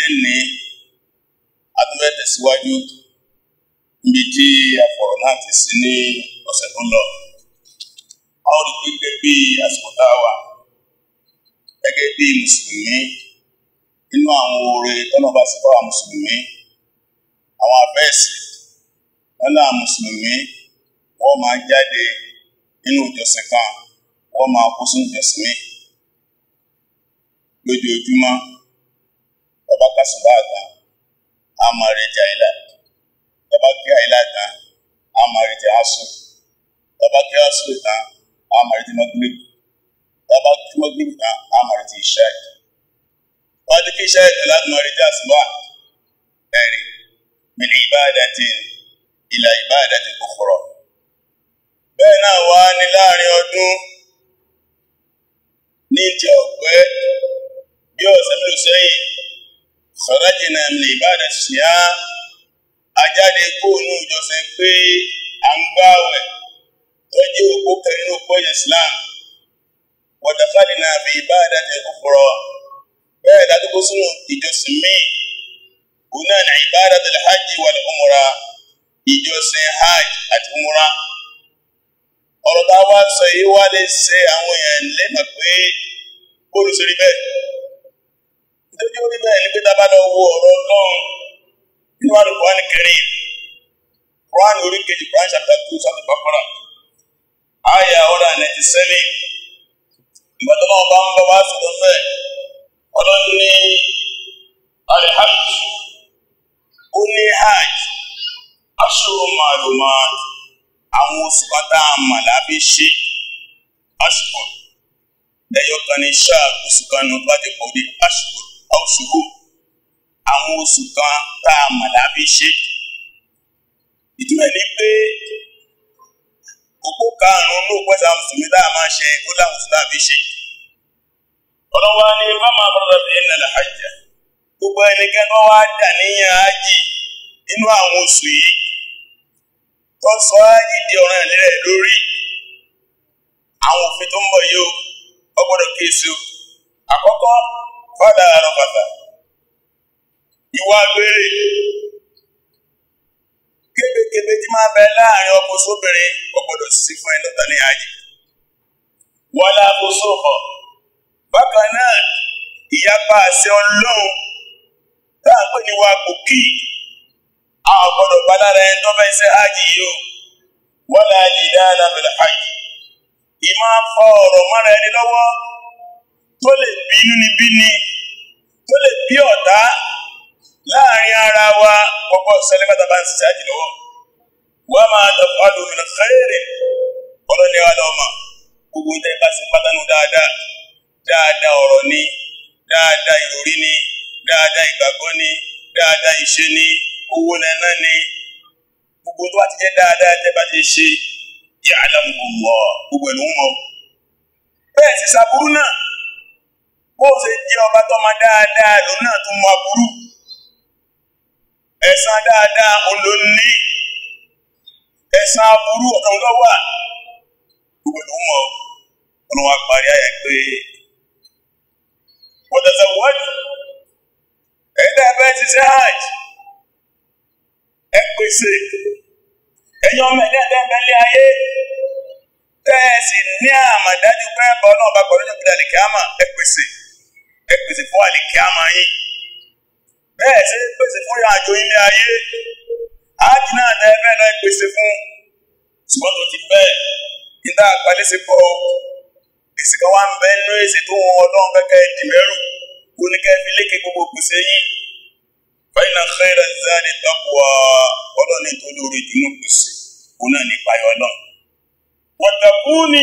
lẹ́ni adúmẹ́tẹ̀síwájú níbi tí àfọ̀rọ̀ náà ti sí ní ọ̀sẹ̀ tó lọ. a ó rí bí àsìkò tá a wà gẹ́gẹ́ bí mùsùlùmí nínú àwọn oore tọ́nà bá sí fáwọn mùsùlùmí àwọn àfẹ́ẹ̀sì wọn náà mùsùlùmí wọ́n máa jáde nínú ìjọsìn kan wọ́n máa kó sínú bàbá kásùbà àgbà á máa retí àyílà bàbá kí àyílà tán á máa retí asù bàbá kí asù tán á máa retí magrib bàbá kí magrib tán á máa retí ìṣáì bàbá kí ìṣáì tán láti máa retí àsùbà ẹ̀rí min ibadatin ila ibadatin náà wá ní láàrin ọdún ní ti ọ̀pẹ́ bí ọ̀sẹ̀ mélòó sẹ́yìn kharajna min ibadati siyam ajáde kó inú ìjọsìn pé à ń gbààwẹ̀ tó jẹ́ òpó kan nínú òpó Islam wa dakhalna fi ibadati ukhra bẹ́ẹ̀ ládùúgbò sínú ìjọsìn míì òun náà ní hajj wal umrah ìjọsìn hajj àti umrah ọ̀rọ̀ sọ yìí wá lè ṣe àwọn èèyàn pé nítorí orí náà ní pé tá a bá lọ wo ọ̀rọ̀ ọlọ́run nínú àlùkò ní kẹrin Quran orí kejì Quran chapter two sọ́tù bàkọ́rà àyà ọ̀rà ninety seven ìgbà tó náà bá ń bá wá sọ̀rọ̀ mẹ́ ọlọ́run ní alihaj ó ní hajj aṣọ́rò màlúmá àwọn oṣù pátá màlábí ṣe aṣùkò ẹ̀yọ̀kan ní ṣáà oṣù kan nù bá ti pọ̀ ní aṣùkò ọ̀ṣùgbò àwọn oṣù kan tá a mọ̀ láfi ṣe ìtumọ̀ ní pé òpó karùn-ún ló pẹ́sà mùsùlùmí tá a máa ṣe ó láwọn oṣù láfi ṣe ọlọ́wọ́ ni fáwọn abọ́dọ̀ bẹ̀rẹ̀ nílẹ̀ hajj gbogbo ẹnikẹ́ni wọ́n wá dà níyàn ájì nínú àwọn oṣù yìí tó sọ ájì di ọ̀ràn ìlera lórí àwọn òfin tó ń bọ̀ yìí ó gbọ́dọ̀ kí èso àkọ́kọ́ fada arọfata ìwà abere. Kebekebe tí máa bẹ láàrin ọkọ sóbìnrin kò sí fún ẹ lọ́tà ní àjẹ wọn láàbò sófò bákan náà ìyapa àṣẹ ọlọ́run tá à ń pè ní a àjì yìí o dáadáa bẹ̀rẹ̀ àjì tó lè bínú ni bíni tó lè bí ọ̀tá láàrin ara wa gbogbo ìṣẹ̀lẹ̀ mẹ́ta bá ń ṣiṣẹ́ àjì lọ́wọ́ wọ́n máa dọ̀fọ́ àlòmìnà kẹ́rẹ̀ ọlọ́ni wa lọ́mọ gbogbo ìtẹ́ bá ṣe pátánù dáadáa dáadáa ọ̀rọ̀ ni dáadáa ìròrí ni dáadáa ìgbàgbọ́ ni dáadáa ìṣe ni owó lẹ́nà ni gbogbo tó bá ti jẹ́ dáadáa tẹ́ bá ti ṣe ya'lamu gbogbo ẹ̀ ló ń bẹ́ẹ̀ sì ṣàbúrú náà bó ṣe jẹ́ ọba tó máa dáadáa lòun náà tún máa burú dáadáa òun ló ní ẹ̀san ló wà gbogbo ìlú mọ̀ ọ̀nà wa parí ayẹ pé wọ́dọ̀dọ̀ wọ́dù hajj pèsè ọmọ ẹ̀dá ẹ̀dá lé ayé tẹ́ sì ní àmàdájú pé náà bá ẹ pèsè fún àlèkè àmà yín bẹ́ẹ̀ ṣe pèsè fún ìrìn àjò ilé ayé áàdì náà tẹ́ bẹ́ẹ̀ lọ pèsè fún ṣùgbọ́n tó ti bẹ́ẹ̀ nígbà àgbálẹ́sẹ̀ pọ̀ èsì kan wá ń bẹ́ nínú èsì tó wọn ọlọ́run kẹ́kẹ́ dì mẹ́rù kó ní kẹ́ fi lékè gbogbo pèsè yín fẹ́yìnà xẹ́rẹ́ záde tọ́kùwà ọlọ́run tó lórí ìdùnnú pèsè kó náà nípa ẹ̀ ọlọ́run. wọ́n tẹ̀kú ni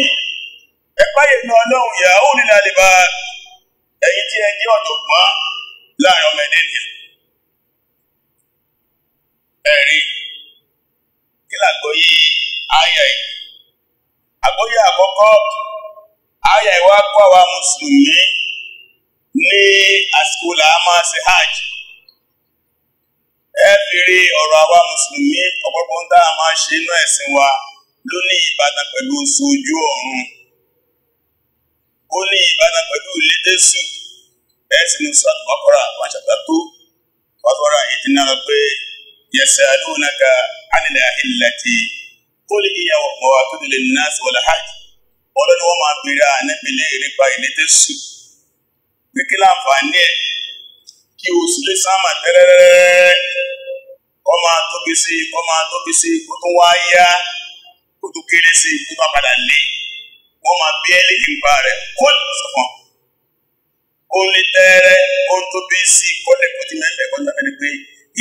ẹ̀pá yẹn ní ọlọ́run yà ó nílẹ̀ àlebà Eyi tí ẹ jẹ́ ọ̀jọ̀gbọ́n láàrin ọmọ ẹ̀dẹ́ nìyẹn. ẹ̀rí kí làgbọ́yé ayà yìí àgbọ́yé àkọ́kọ́ ayà yìí wá kọ́ àwa mùsùlùmí ní àsìkò làá máa hajj ẹ fèrè ọ̀rọ̀ àwa mùsùlùmí ọ̀pọ̀lọpọ̀ ń dá a ṣe inú ẹ̀sìn wa ó ní ìbáná pẹ̀lú létésù bẹ́ẹ̀ sì ní sọ́ọ̀tù bọ́kọ́rà wọn ṣàtàtó bọ́kọ́rà ìdí náà lọ pé yẹsẹ̀ alóhùnáka ánilẹ̀ àhìlẹ̀tì ó lè yíya wọ̀ àtúndìlẹ̀ náà sí wọlé hajj ọlọ́ni wọn máa bèrè ànẹ́bìlẹ̀ nípa ìlétésù pé kí ẹ̀ kí oṣù lè sáàmà tẹ́rẹ́rẹ́rẹ́ kọ́ máa tóbi sí kọ́ máa tóbi wọ́n máa bí ẹ́lì nípa rẹ̀ kọ́lì sọ̀kan. ó ní tẹ́rẹ́ ó tó bí sí kọ́lẹ̀ kó ti mẹ́mẹ́ kọ́ńtà bẹ́ẹ̀ ni pé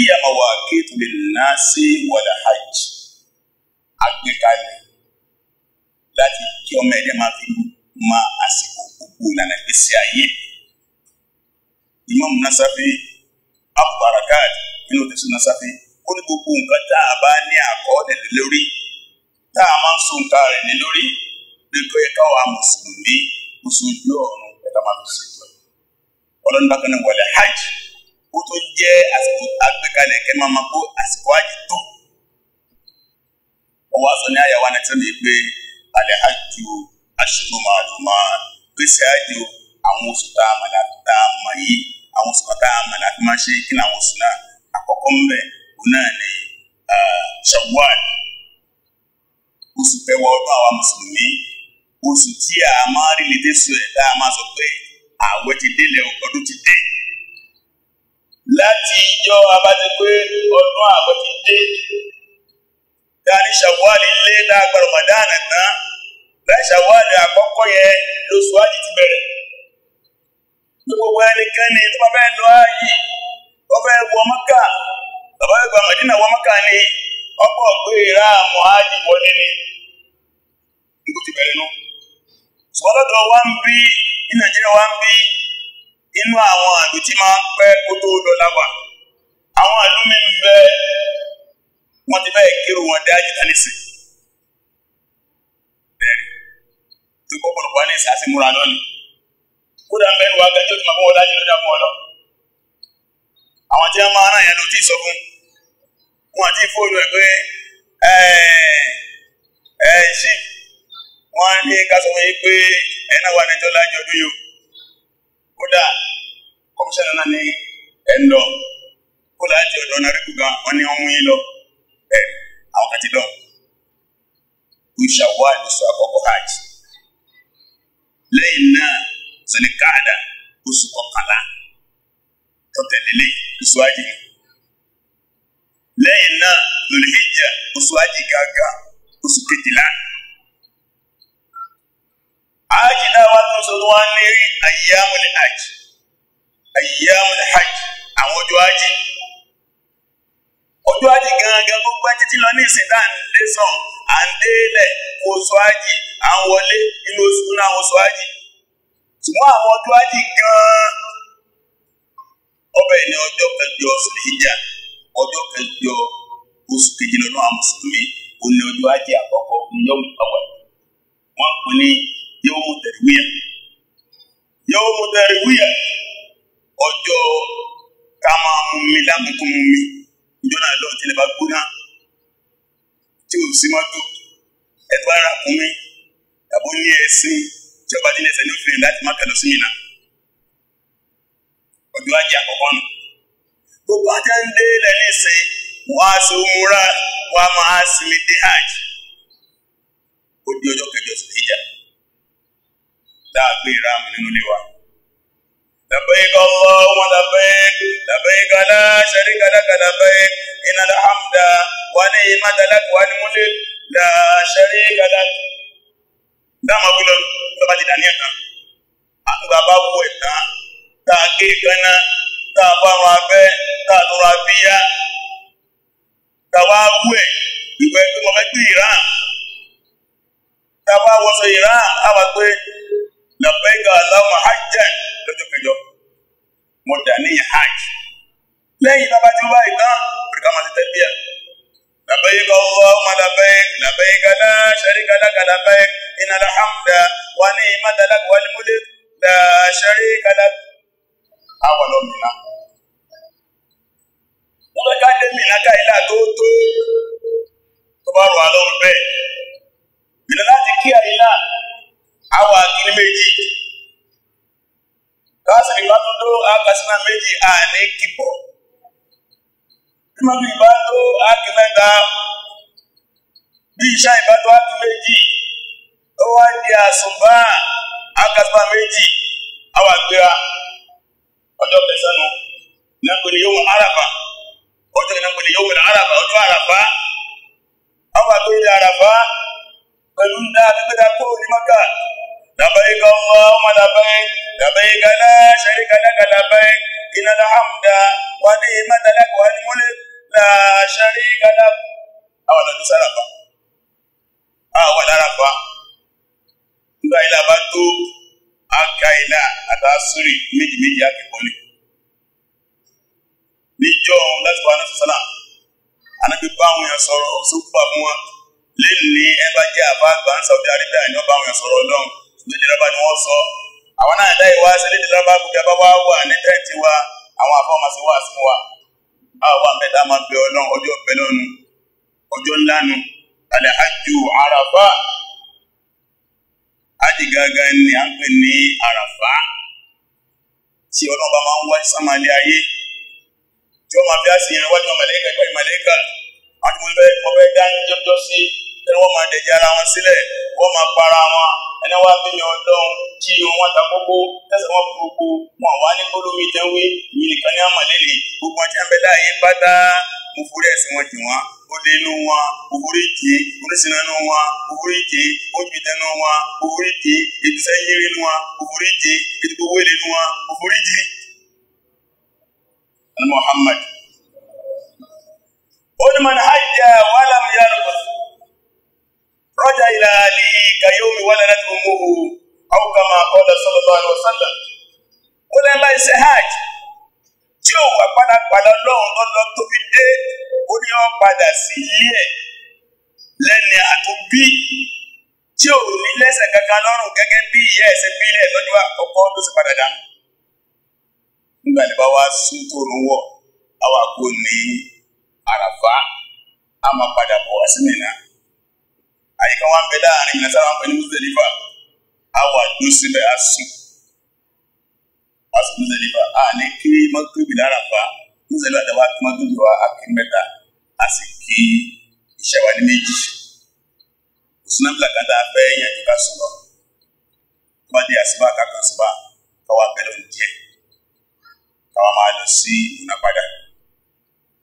ìyá máa wà kí ètò lè ná sí wàlà hajj àgbékalẹ̀ láti kí ọmọ ẹ̀dẹ̀ máa fi ma àsìkò gbogbo ìlànà ìgbésí ayé. Imam Nasafi Abu Barakat nínú tẹ̀sán Nasafi ó ní gbogbo nǹkan tá a bá ní àkọọ́lẹ̀ lórí tá a máa ń so nǹkan rẹ̀ lórí pé kò yẹ káwa mùsùlùmí mùsùlùmí ọ̀run ẹ̀ka máa fi ṣètò ẹ̀. ọlọ́run bákan náà wọlé hajj ó tó jẹ́ àsìkò àgbékalẹ̀ kẹ́ máa máa kó àsìkò hajj tó. ọwọ́ aṣọ ní àyàwó anẹ́tẹ́ mi pé alẹ́ hajj aṣọ́nù máa dùn máa pèsè hajj àwọn oṣù tá a mọ̀ tá àwọn oṣù tá a mọ̀ ṣe kí ni àwọn oṣù náà àkọ́kọ́ ń náà ni Shawwal oṣù kẹwàá ọdún àwa mùsùlùmí oṣù tí a máa rí lè dé sùn ẹ̀ tá a máa sọ pé àwẹ̀ ti délẹ̀ ọdún ti dé. láti ìjọ abájẹ pé ọdún àwẹ̀ ti dé ta ní ṣàwálì lé tá a gbọ́dọ̀ màdánà tán láì ṣàwálì àkọ́kọ́ yẹn lóṣù ájì ti bẹ̀rẹ̀. gbogbo ẹnikẹ́ni tó bá fẹ́ lọ ájì tó fẹ́ wọ Mọ́kà bàbá ẹgbà Mẹ́dínà wọ Mọ́kà ni ọkọ̀ gbé ìrà àmọ́ ájì wọlé ni. Nígbà tí bẹ̀rẹ̀ náà ṣùgbọ́n lọ́dọ̀ wa ń bí ní nàìjíríà wa ń bí inú àwọn àlù tí máa ń pẹ́ kó tó dọ́là wà àwọn àlù mi ń bẹ wọ́n ti bẹ́ẹ̀ kírò wọn dé àjìtálẹ́sì bẹ́ẹ̀ni tó kọ́ pọ̀lọpọ̀ ní ìsásí múra náà ni kódà ń bẹ́nu wa gẹ́gẹ́ tó ti máa bọ́ wọn láti lọ́dà mú ọ lọ àwọn tí wọ́n máa rán yẹn ló ti sọ fún wọn àti fóònù ẹ̀ pé ẹ̀ẹ́ ẹ̀ẹ́ ṣíìpù wọ́n á ní ká sọ wọ́n yí pé ẹ̀nà wà ní tọ́lá jọ ọdún yìí o kódà kọmíṣánná náà ní ẹ̀ ń lọ kódà àti ọ̀dọ́ náà rẹ́kù gan wọ́n ní wọ́n mú yín lọ ẹ̀ àwọn kan ti lọ ìṣàwọ́ àdìsọ àkọ́kọ́ hajj lẹ́yìn náà zolikaada oṣù kọkànlá tó tẹ̀lé lé oṣù àjì lẹ́yìn náà lòlìhíjà oṣù àjì gàgà oṣù kejìlá aji náà wá tó sọ tó wá ní rí ayyamul hajj ayyamul hajj àwọn ọjọ́ aji ọjọ́ aji gangan gbogbo ẹtí tí lọ ní ìsìn tá à ń dé sàn à ń délẹ̀ kó sọ aji à ń wọlé inú oṣù tó náà wọ́n sọ aji ṣùgbọ́n àwọn ọjọ́ aji gan ọbẹ̀ ní ọjọ́ kẹjọ sùlẹ̀híjà ọjọ́ kẹjọ oṣù kejìlélọ́nà àwọn mùsùlùmí òní ọjọ́ aji àkọ́kọ́ ní ọjọ́ ìpàwọ̀ wọn pè ní yawm tarwiya yawm tarwiya ojo kama máa mú mi lákòókò mú mi ìjọ náà tí o si máa tó ẹgbẹ́ ara kún mi tàbó ní ẹ̀sìn tí ọba dín ẹsẹ̀ ní òfin láti má kẹ́ gbogbo dáàgbé ìráàmù nínú ilé wa. لبيك اللهم لبيك لبيك لا شريك لك لبيك إن الحمد ونعمة لك والملك لا شريك لك dáàmà wúlò tó bá ti dà ní ẹ̀tàn àtúgbà bá wú ẹ̀tàn tá a gé ìkànnà tá a fárun abẹ́ tá a tọrọ abíyá tá a wá wú ẹ̀ ìwẹ̀ pé mo fẹ́ ìran tá a wá wọṣọ ìran á wà napenga alama haja ndio kujo modani haji lei na bati mbaya na kama zitabia لبيك اللهم لبيك لبيك لا شريك لك لبيك ان الحمد ونعمة لك والملك لا شريك لك اول منا ولا كان منا كايلا توتو تبارو على ربي من الذي كي الى àwa kìíní méjì káàsì ìbá tó dó àkàsínà méjì àní kìpọ̀ nígbàgbọ́ ìbá tó àkìmẹ́ta bí iṣẹ́ ìbá tó àkì méjì tó wá di àsùnbà àkàsínà méjì àwa gbéra ọjọ́ kẹsàn-án nàgbèrè yóò wọn àràfà ọjọ́ nàgbèrè yóò Araba. àràfà ọjọ́ Araba, àwa gbéra àràfà pẹ̀lú ń dá gbégbéra kó ní mọ́kà. لبيك اللهم لبيك لبيك لا شريك لك لبيك إن الحمد ونعمة لك والملك لا شريك لك àwọn ọ̀dọ́dún sáràfà àwọn ọ̀dáràfà nígbà ilé àbá tó aka ilá àtàsúrì méjì méjì akẹ́kọ̀ọ́lé níjọ́ láti wà ní sọ́sọ́là anábí bá àwọn èèyàn sọ̀rọ̀ sókùpà fún wa lẹ́nu ní ẹgbàjẹ́ àbá àgbà ń Saudi Arabia ìnáwó bá àwọn èèyàn sọ̀rọ̀ ọlọ́run lédè lọ́ba ni wọ́n sọ àwọn náà dá ìwá ṣe lédè lọ́ba gbogbo abá wa wà ní tẹ́ǹtì wa àwọn afọ́mọ̀sí wà fún wa báwo wà mẹ́ta máa bẹ ọlọ́run ọjọ́ bẹ lọ́nu ọjọ́ ńlá nu alhajju àràfà ájì gangan ni à ń pè ní àràfà tí ọlọ́run bá máa ń wá sàmàlẹ́ ayé tí wọ́n máa fi àṣeyàn wájú ọmọlẹ́kà ìgbà ìmọ̀lẹ́kà àti mo fẹ́ dáńjọ́jọ́ sí ẹni wọ́n máa dẹ̀jẹ̀ ara wọn sílẹ̀ wọ́n máa para wọn ẹni wá bí mi ọlọ́run tí wọn ta kókó tẹsán wọn gbogbo wọn wá ní kólómi tẹwé ìyìn nìkan ní àmàlẹ́lẹ̀ gbogbo àti abẹ́lẹ́ àyè pátá mo forí ẹ̀sìn wọn jì wọn ó dé inú wọn mo forí ìdí oníṣìnà inú wọn mo forí ìdí oúnjẹ tẹnu wọn mo forí ìdí ìdíṣẹ́ yírí inú wọn mo forí ìdí ètò gbogbo Muhammad. ó ní mọ̀ ní hajj ummuhu aw kama qala sallallahu alaihi wasallam ó lẹ́yìn báyìí ṣe hajj tí ó wà padà padà lọ́hùn lọ́lọ́ tó fi dé ó ní ọ́ padà sí ilé ẹ̀ lẹ́ni àtúnbí tí ò ní lẹ́sẹ̀ kankan lọ́rùn gẹ́gẹ́ bí ìyá ẹ̀sẹ̀ bílẹ̀ lọ́jọ́ àkọ́kọ́ ló sì padà dànù. nígbà tí bá wá sún tóorun wọ̀ àwa kò ní àràfá a máa padà bọ̀ wá sí Mínà. àyíká wa ń bẹ láàrin Mínà sáwọn pẹ̀lú Muzdalifa a wà dó síbẹ̀ a sùn a sùn Muzalifa a ní kí mọ́tòbí lára fa Muzalifa dàbà kí mọ́tòbí wa a kiri mẹ́ta a sì kí ìṣẹ̀wá ní méjì òsínàbílà kan tá a fẹ́ yẹn tó ká sùn lọ tó bá di àsìbá kankan síbá káwa bẹ̀rẹ̀ ní díẹ̀ káwa máa lọ sí ìmúnapadà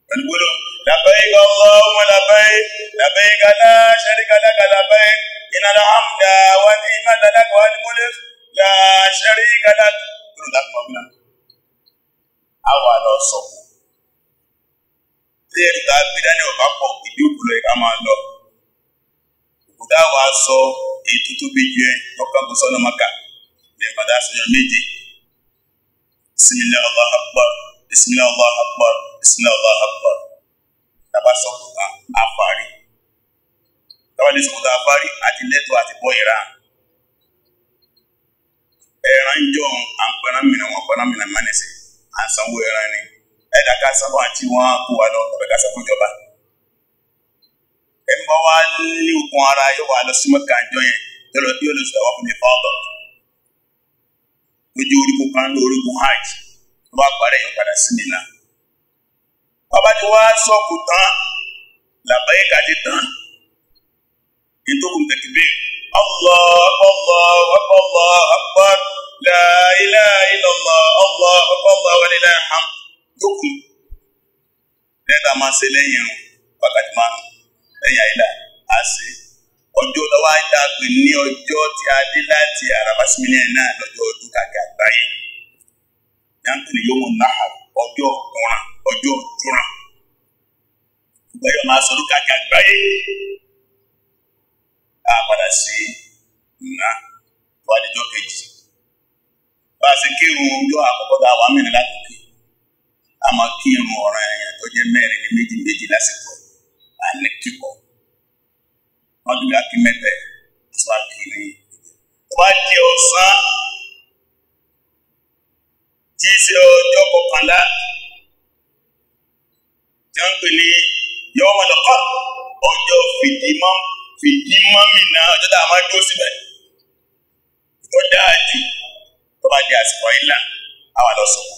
pẹ̀lú gbọ́dọ̀ labbaik Allahumma labbaik labbaik la sharika laka labbaik. إن الحمد والنعمة لك والملك لا شريك لك kúrò lápò náà a wà lọ sọkò tẹ́lẹ̀ tó gbé dání ọ̀bá pọ̀ ìdí òkú lọ ìka máa lọ òkú tá a wà sọ ètò tó bí jẹ ọkàkùn sọnà maka lẹ́yìn padà sọyọ méje bisimilahi allah akbar bisimilahi allah akbar bisimilahi allah akbar tàbá sọkò tán a parí tábàlì sọ̀rọ̀ tá a fárí àti lẹ́tọ̀ àti bọ́ ìran ẹran jọ àǹpẹ̀rán mìíràn wọn pẹ̀rán mìíràn mánẹsẹ̀ à ń sanwó ẹran ni ẹ̀dá ká sábà àti wọn kó wa lọ tàbí ká sábà jọba ẹ̀ ń bá wa ní okun ara yóò wà lọ símọ́ kànjọ yẹn yóò lọ yóò lọ sọ̀rọ̀ wà fún mi fọ́ọ̀dọ̀ lójú orígun kan lórígun hajj ló bá parẹ́ yóò padà sí mi náà bàbá ni wàá sọ̀kù tán làbáyé kàdé tán ìtòkùn tẹ̀kìbí. الله الله Allahu Akbar لا ilaha illallah الله الله الله ولله الحمد. Jókòó. Lẹ́tà máa ṣe lẹ́yìn pàtàkì máa lẹ́yìn àyílá. A ṣe ọjọ́ lọ́wọ́ ajá pé ní ọjọ́ tí a dé láti àràbásímílẹ̀ náà lọ́jọ́ ọdún kàkà àgbáyé. Yàtọ̀ ni yóò mọ̀ náà ọjọ́ ọ̀kùnrin ọjọ́ ọ̀túnra. Gbẹ̀yọ̀ máa sọ ọdún kàkà a padà sí nà wàdìjọ́ kejì bá a ṣe kírun yọ àkọ́kọ́ tá a wà mìíràn látòkè a máa kírun ọ̀ràn ẹ̀yàn tó jẹ́ mẹ́rin ní méjì méjì lásìkò alẹ́ kíkọ́ wọ́n dúró akí mẹ́tẹ̀ aṣọ akí ni wọ́n á di ọ̀sán tí í ṣe ọjọ́ kọkànlá tí wọ́n ń pè ní yọ̀ọ́mọlọ́kọ́ ọjọ́ fìdí mọ́ fìdí mọ́mì náà ọjọ́ tá a máa dúró síbẹ̀ tó dáa jù tó bá di àsìkò ìlà àwa lọ sọ̀kò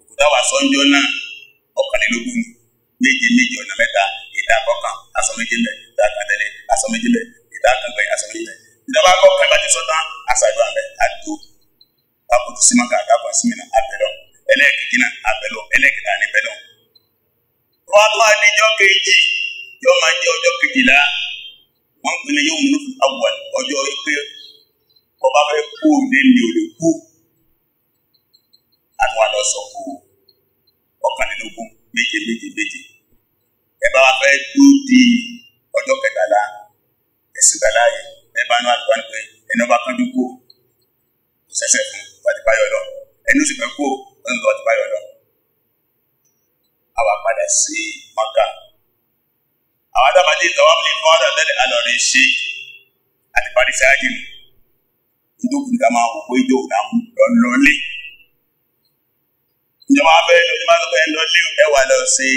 òkúta wa sọ́njọ́ náà ọ̀kanlélógún ni méje méje ọ̀nà mẹ́ta ìdá kọ̀ọ̀kan aṣọ méje mẹ́ ìdá kan tẹ́lẹ̀ aṣọ méje mẹ́ ìdá kan gbẹ̀yìn aṣọ méje mẹ́ ìjọba kọ̀ọ̀kan ìbá ti sọ tán aṣáájú àbẹ̀ àdó àkótó símáka àkàkọ́ símìnà àbẹ̀lọ ẹlẹ́ẹ̀kejì náà àbẹ̀lọ ẹlẹ́ẹ̀kẹta ní bẹ̀lọ. wọ́n á tó àdéjọ́ kejì yóò máa jẹ́ ọjọ́ kejìlá wọ́n pinnu yóò múnú àwọn ọjọ́ pé ọba fẹ́ kú ní ní olè kú àwọn àlọ́sọ kú ọ̀kanlélógún méje méje méje ẹ bá fẹ́ dúró di ọjọ́ kẹtàlá ẹ̀sìn gbàlá yẹn ẹ bá nú àdúgbò pé ẹni ọba kánjú kú kò sẹ́sẹ̀ fún pàtìpáyọ̀ lọ ẹni ó sì fẹ́ kú nǹkan pàtìpáyọ̀ lọ àwa padà sí i wálé tọ́wọ́pìlì fọ́ọ̀dà lẹ́lẹ̀ alọ̀rẹ́ ṣe àti parí sáájì nù nítorí nǹkan máa wò pé ìjọ òdà lọ́lé ìjọba abẹ́ ìjọba tó bẹ́ẹ̀ lọ́lé ẹwà lọ sí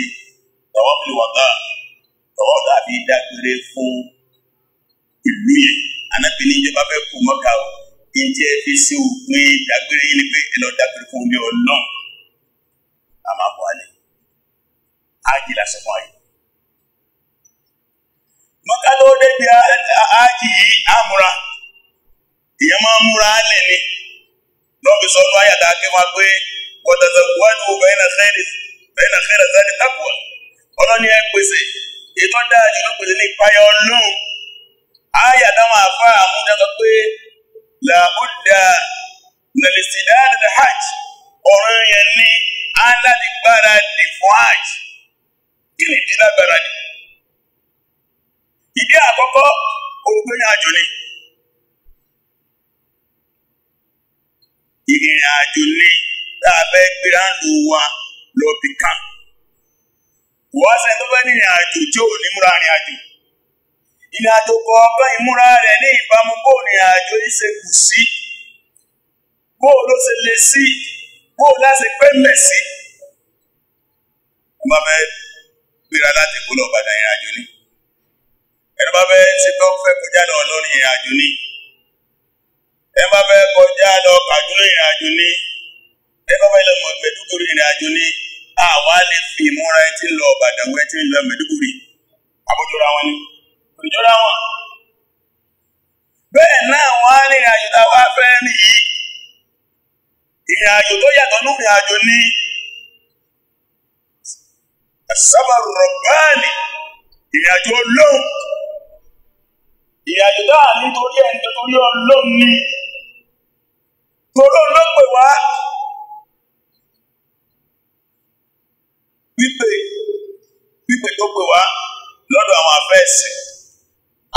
tọ́wọ́pìlì wàgà tọ́wọ́dà àbí dágbére fún ìlú yẹn anábì ní ìjọba fẹ́ kú mọ́ká o ìjẹ́ fi sí òpin dágbére yín ni pé ẹ lọ dágbére fún ilé ọlọ́run àmàbọ̀ àlẹ́ ájì lásán fún ayé mọ́ká tó débi ájì yìí àmúra ìyẹn máa ń múra lẹ̀ ni lọ́ọ̀bì sọ́nù ayàtà akẹ́fà pé wọ́tẹ̀tẹ̀ wọ́ọ̀dù bẹ́ẹ̀nà xẹ́rẹ̀ bẹ́ẹ̀nà xẹ́rẹ̀ sẹ́ni takuwa ọlọ́ni ẹ pèsè ètò dáàjù ló pèsè ní ìpayọ̀ ọlọ́run ayàtà wọn àfa àmúdá sọ pé làbúdà nàlẹ́sìdáàdì ní hajj ọ̀ràn yẹn ní aláàdì gbáradì fún hajj kí ni ìdílágbáradì ìdí àkọ́kọ́ olùgbéyìn àjò ni ìrìn àjò ni tá a fẹ́ gbéra ń lu wa lọ bí kan wọ́n ṣe tó fẹ́ ní ìrìn àjò tí ò ní múra ìrìn àjò ìrìn àjò kọ̀ọ̀kan ìmúra rẹ̀ ní ìbámu bó ìrìn àjò yìí ṣe kù sí bó ló ṣe lè sí bó láti pẹ́ mẹ̀ sí. wọ́n bá fẹ́ gbéra láti kó lọ́ọ́ bàdàn ìrìn àjò ni ẹni bá fẹ́ ṣe tó fẹ́ kọjá lọ lórí ìrìn àjò ni ẹni bá fẹ́ kọjá lọ Kàdúná ìrìn àjò ni ẹni bá fẹ́ lọ mọ̀ Mẹ̀dúgùrì ìrìn àjò ni àwa lè fi ìmúra ẹtí ń lọ ẹtí ń lọ àbójúra wọn ni òjòra wọn. bẹ́ẹ̀ náà wọ́n á rìnrìn àjò tá a wá fẹ́ rìn yìí tó yàtọ̀ ní ìrìn ní sábàrù rọ̀báàlì ìrìn àjò olóhùn ìrìnàjò tó wà nítorí ẹni tó torí ọlọ́run ni torí ọlọ́run pè wá pípé pípé tó pè wá lọ́dọ̀ àwọn afẹ́ẹ̀sì